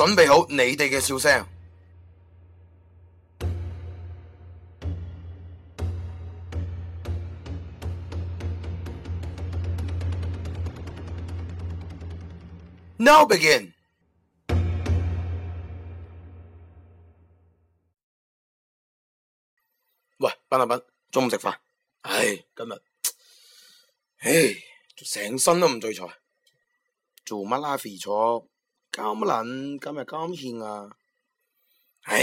準備好你哋嘅笑聲。Now begin。喂，斌啊斌，中午食飯。唉，今日唉，成身都唔聚財，做乜啦肥坐？監捻今日監欠啊！唉，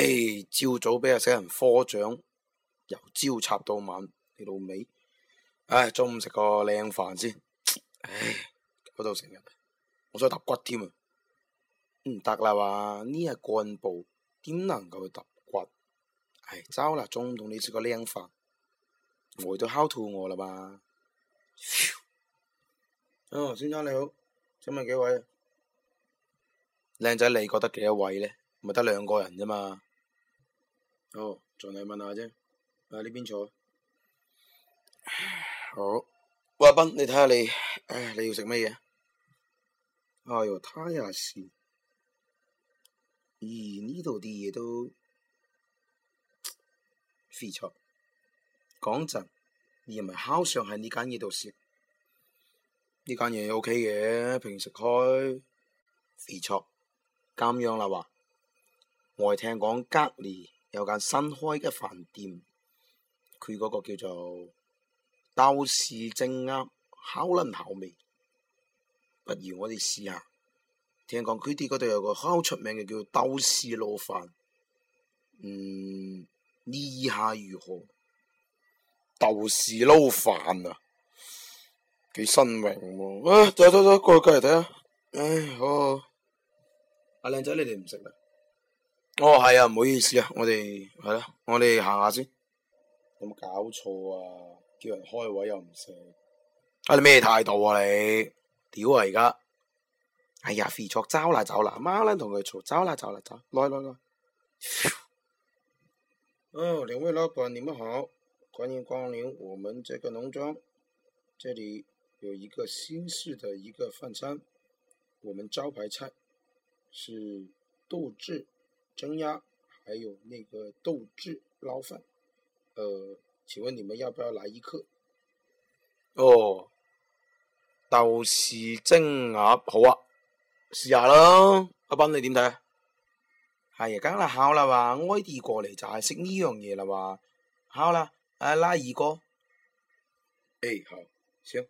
朝早俾阿死人科長，由朝插到晚，你老味唉，中午食個靚飯先。唉，嗰度成日，我想揼骨添啊！唔得啦，話呢係幹部，點能夠去揼骨？唉，走啦，中午同你食個靚飯。餓到烤肚餓啦嘛？哦，先生你好，請問幾位？靚仔，你覺得幾多位呢？咪得兩個人啫嘛。哦，仲嚟問下啫。喺呢邊坐。好，喂，阿斌你睇下你，唉，你要食乜嘢？哎呦，他也是。咦，呢度啲嘢都肥錯。講真，你唔係烤上喺呢間嘢度食。呢間嘢 OK 嘅，平時開肥錯。咁樣啦，話我聽講隔籬有間新開嘅飯店，佢嗰個叫做豆豉蒸鴨烤卵口味，不如我哋試下。聽講佢哋嗰度有個好出名嘅叫豆豉撈飯，嗯，呢下如何？豆豉撈飯啊，幾新穎喎！啊，走走走，過嚟過嚟睇下。唉，好。阿靚仔，你哋唔食啦？哦，係啊，唔好意思啊，我哋係咯，我哋行下先。有冇搞錯啊？叫人開位又唔食。啊！你咩態度啊你？屌啊！而家。哎呀，肥卓走啦走啦，媽卵同佢嘈，走啦走啦，走，啦走。來來來。 哦，兩位老板你們好，歡迎光臨我們這個農莊。這裏有一個新式的一個飯餐，我們招牌菜。是豆豉蒸鴨，還有那個豆豉撈飯。呃，請問你們要不要來一客？哦，豆豉蒸鴨好啊，試下咯。阿斌你看，你點睇？係啊，梗係烤啦哇，外地過嚟就係食呢樣嘢啦哇，烤啦。阿拉二哥，誒、欸、好。行，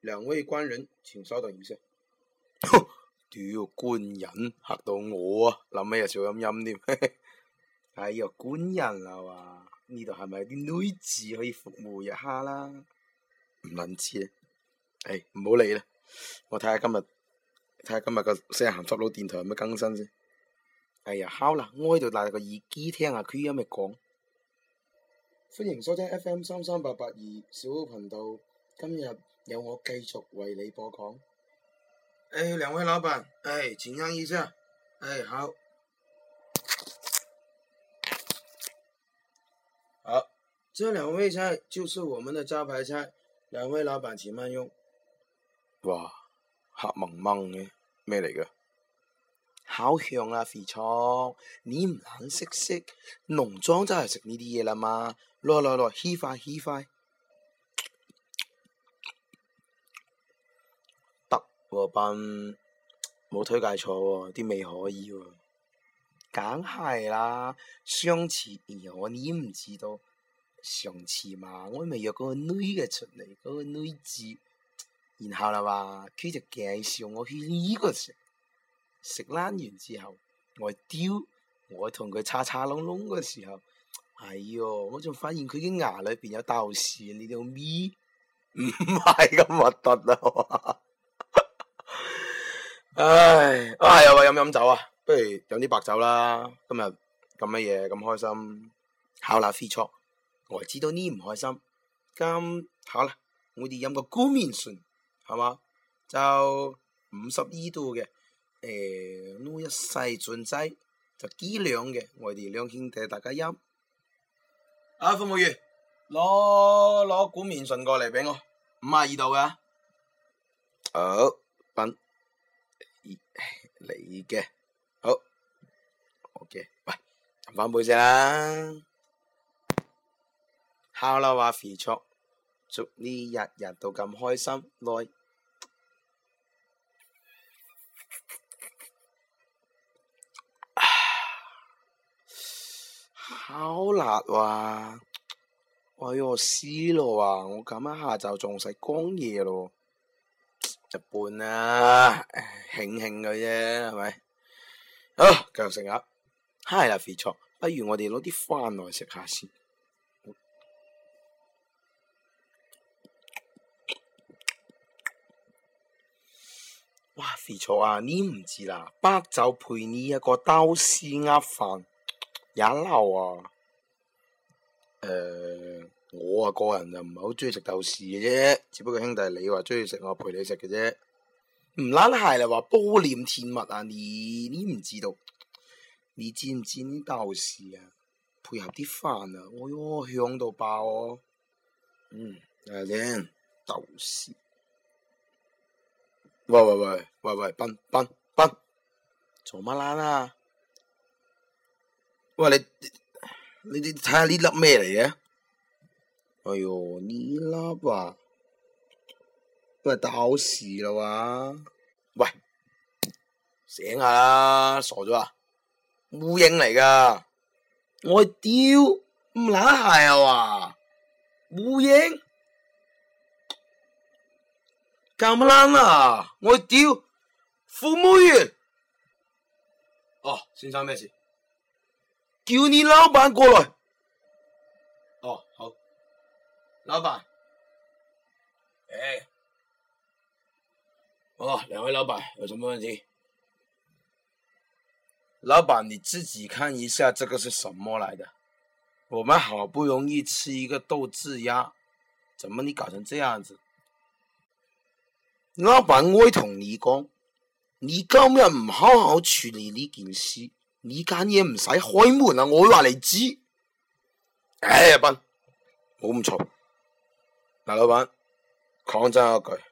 兩位官人，請稍等一下。 屌、哎，官人嚇到我啊！諗起啊？笑陰陰添。哎呀，官人啊！哇，呢度係咪有啲女字可以服務一下啦？唔諗、嗯、知啊！哎，唔好理啦，我睇下今日，看看今日，睇下今日個四行執佬電台有乜更新先。哎呀，好啦，我喺度帶個耳機聽下佢有咩講。聽聽歡迎收聽 FM 三三八八二小號頻道，今日有我繼續為你播講。哎，兩位老闆，哎，請讓一下，哎，好，好，這兩位菜就是我們的招牌菜，兩位老闆請慢用。哇，黑蒙蒙嘅，咩嚟㗎？好香啦，啊，肥腸，你唔肯識識，農莊就係食呢啲嘢啦嘛？來來來，食飯食飯。個班冇推介錯，啲味可以喎，梗係啦。上次，咦、哎，我點唔知道上次嘛？我未約個女嘅出嚟，嗰、那個女子，然後啦話佢就介紹我去呢個食食，甩完之後我丟，我同佢叉叉窿窿嗰時候，哎喲，我就發現佢嘅牙裏邊有豆豉，你條咪唔係咁核突啊？ 唉，啊又話飲飲酒啊，不如飲啲白酒啦。今日咁乜嘢咁開心，考啦飛出，我知道呢唔開心。咁好啦，我哋飲個古面醇，係嘛？就五十二度嘅，誒、哎，攞一世樽仔就幾兩嘅，我哋兩兄弟大家飲。啊，服務員，攞攞古面醇過嚟俾我，五十二度噶。好，品。嘅好，OK，喂，飲翻杯先啦，Hello 啊肥叔，祝你日日都咁開心，耐烤辣哇，哎呦死咯哇，我咁一下就仲使講嘢咯。一半啦、啊，慶慶佢啫，係咪？好，繼續食鴨。嗨啦，肥卓，不如我哋攞啲飯來食下先。嗯、哇，肥卓啊，你唔知啦，白酒配呢一個刀絲鴨飯也嬲啊。誒、呃。我啊個人就唔係好中意食豆豉嘅啫，只不過兄弟你話中意食我陪你食嘅啫。唔撚係嚟話煲稔甜蜜啊！你你唔知道，你知唔知呢豆豉啊？配合啲飯啊，我、哦、喲、哦、香到爆、啊！嗯，嚟先豆豉。喂喂喂喂喂，笨！笨！笨！做乜撚啊？喂你你你睇下呢粒咩嚟嘅？哎喲你啦，啊，咁咪大好事啦，喂，醒下啦，傻咗啊？烏蠅嚟噶，我屌，唔乸鞋啊哇，烏蠅咁難啊，我屌，服務員，哦，先生咩事？叫你老闆過來。老闆，誒、哎，哦，兩位老闆有什麼問題？老闆你自己看一下，這個是什麼來的？我們好不容易吃一個豆豉鴨，怎麼你搞成這樣子？老闆，我會同你講，你今日唔好好處理呢件事，你間嘢唔使開門啦，啊，我話你知。哎呀，笨，我唔錯。嗱，老闆講真一句，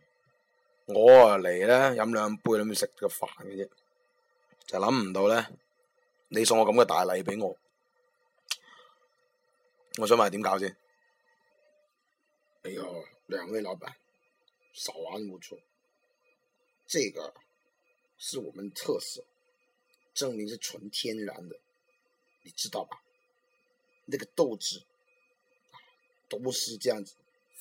我啊嚟咧飲兩杯，諗住食個飯嘅啫，就諗唔到咧，你送我咁嘅大禮俾我，我想問下點搞先？哎喲，兩位老闆，稍安勿躁，這個是我們特色，證明是純天然嘅，你知道吧？那個豆豉啊，都是這樣子。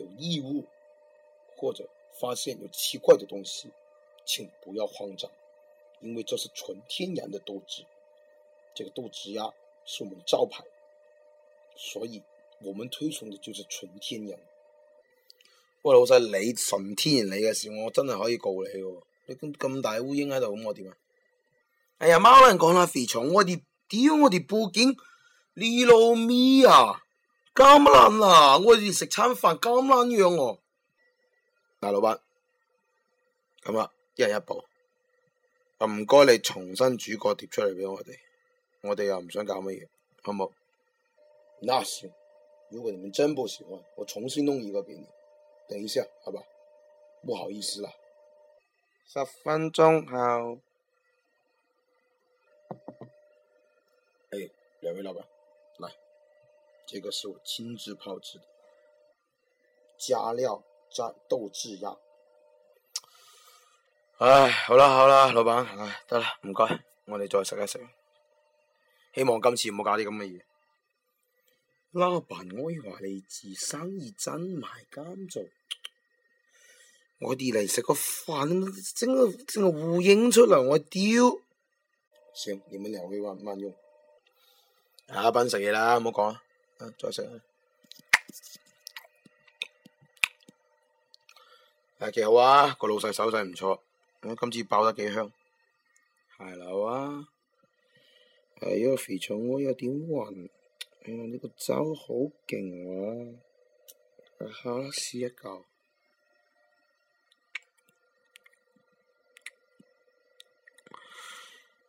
有異物，或者發現有奇怪嘅東西，請不要慌張，因為這是純天然嘅豆汁。這個豆汁呀，是我們的招牌，所以我們推崇嘅就是純天然。喂，老細，你純天然你嘅事，我真係可以告你嘅、哦。你咁咁大烏蠅喺度，咁我點、哎、啊？哎呀，貓能人講啦，肥蟲，我哋屌我哋報警，你老咪啊！咁爛啊！我哋食餐飯咁爛樣哦、啊，大、啊、老闆，咁啊，一人一部，唔該你重新煮個碟出嚟畀我哋，我哋又唔想搞乜嘢，好冇？那行，如果你們真不喜歡，我重新弄一個俾你，等一下，好吧，不好意思啦。十分鐘後，誒、哎，兩位老闆。這個是我親自炮製的，加料蘸豆製鴨。唉。好啦，好啦，老闆，唉，得啦，唔該，我哋再食一食。希望今次唔好搞啲咁嘅嘢。老闆，我以話你，自生意真賣艱難做。我哋嚟食個飯，整個整個呼應出嚟，我屌！行，你們兩位慢慢用。阿斌食嘢啦，唔好講。再食下啊！幾好啊，個老細手勢唔錯，我、啊、今次爆得幾香。係啦，哇！係啊，啊這個、肥腸我有點暈。呢、這個粥好勁啊！啊，試一嚿。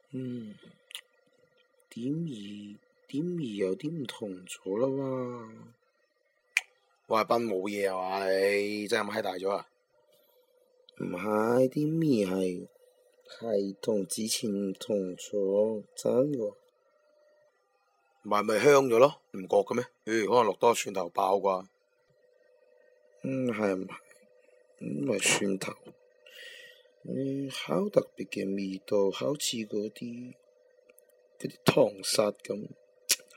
嗯，點二？啲味有啲唔同咗啦喎！我阿斌，冇嘢啊？你真係唔嗨大咗啊！唔係啲味係係同之前同咗，真唔係咪香咗咯？唔覺嘅咩？誒可能落多蒜頭爆啩？嗯，係唔係？咁咪蒜頭，是是蒜頭，嗯、好特別嘅味道，好似嗰啲嗰啲糖沙咁。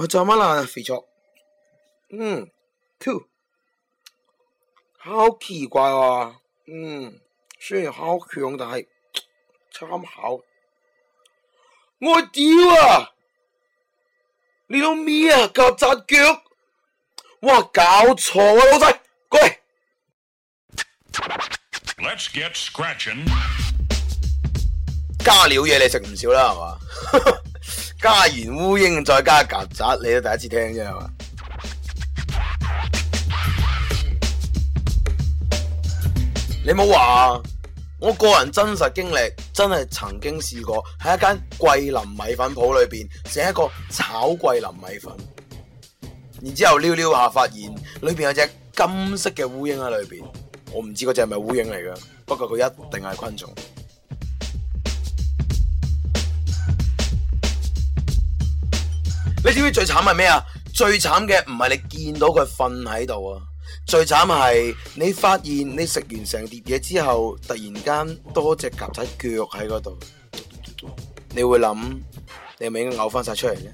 我做乜啦，肥卓？嗯，two，好奇怪哦。嗯，雖然好強，但係參考，我屌啊！你老味啊，夾雜腳，哇搞錯啊，老細，過嚟。Let's get scratching。加料嘢你食唔少啦，係嘛？加完烏蠅再加曱甴，你都第一次聽啫係嘛？你冇話。我個人真實經歷真係曾經試過喺一間桂林米粉鋪裏邊食一個炒桂林米粉，然之後撩撩下發現裏邊有隻金色嘅烏蠅喺裏邊。我唔知嗰隻係咪烏蠅嚟㗎，不過佢一定係昆蟲。你知唔知最慘係咩啊？最慘嘅唔係你見到佢瞓喺度啊，最慘係你發現你食完成碟嘢之後，突然間多隻夾仔腳喺嗰度，你會諗你係咪應該嘔翻晒出嚟呢？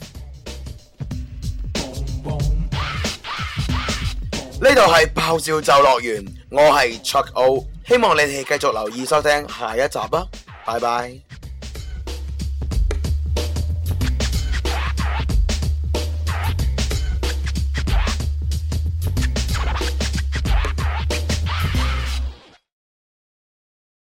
呢度係爆笑就樂園，我係卓奧，希望你哋繼續留意收聽下一集啊！拜拜。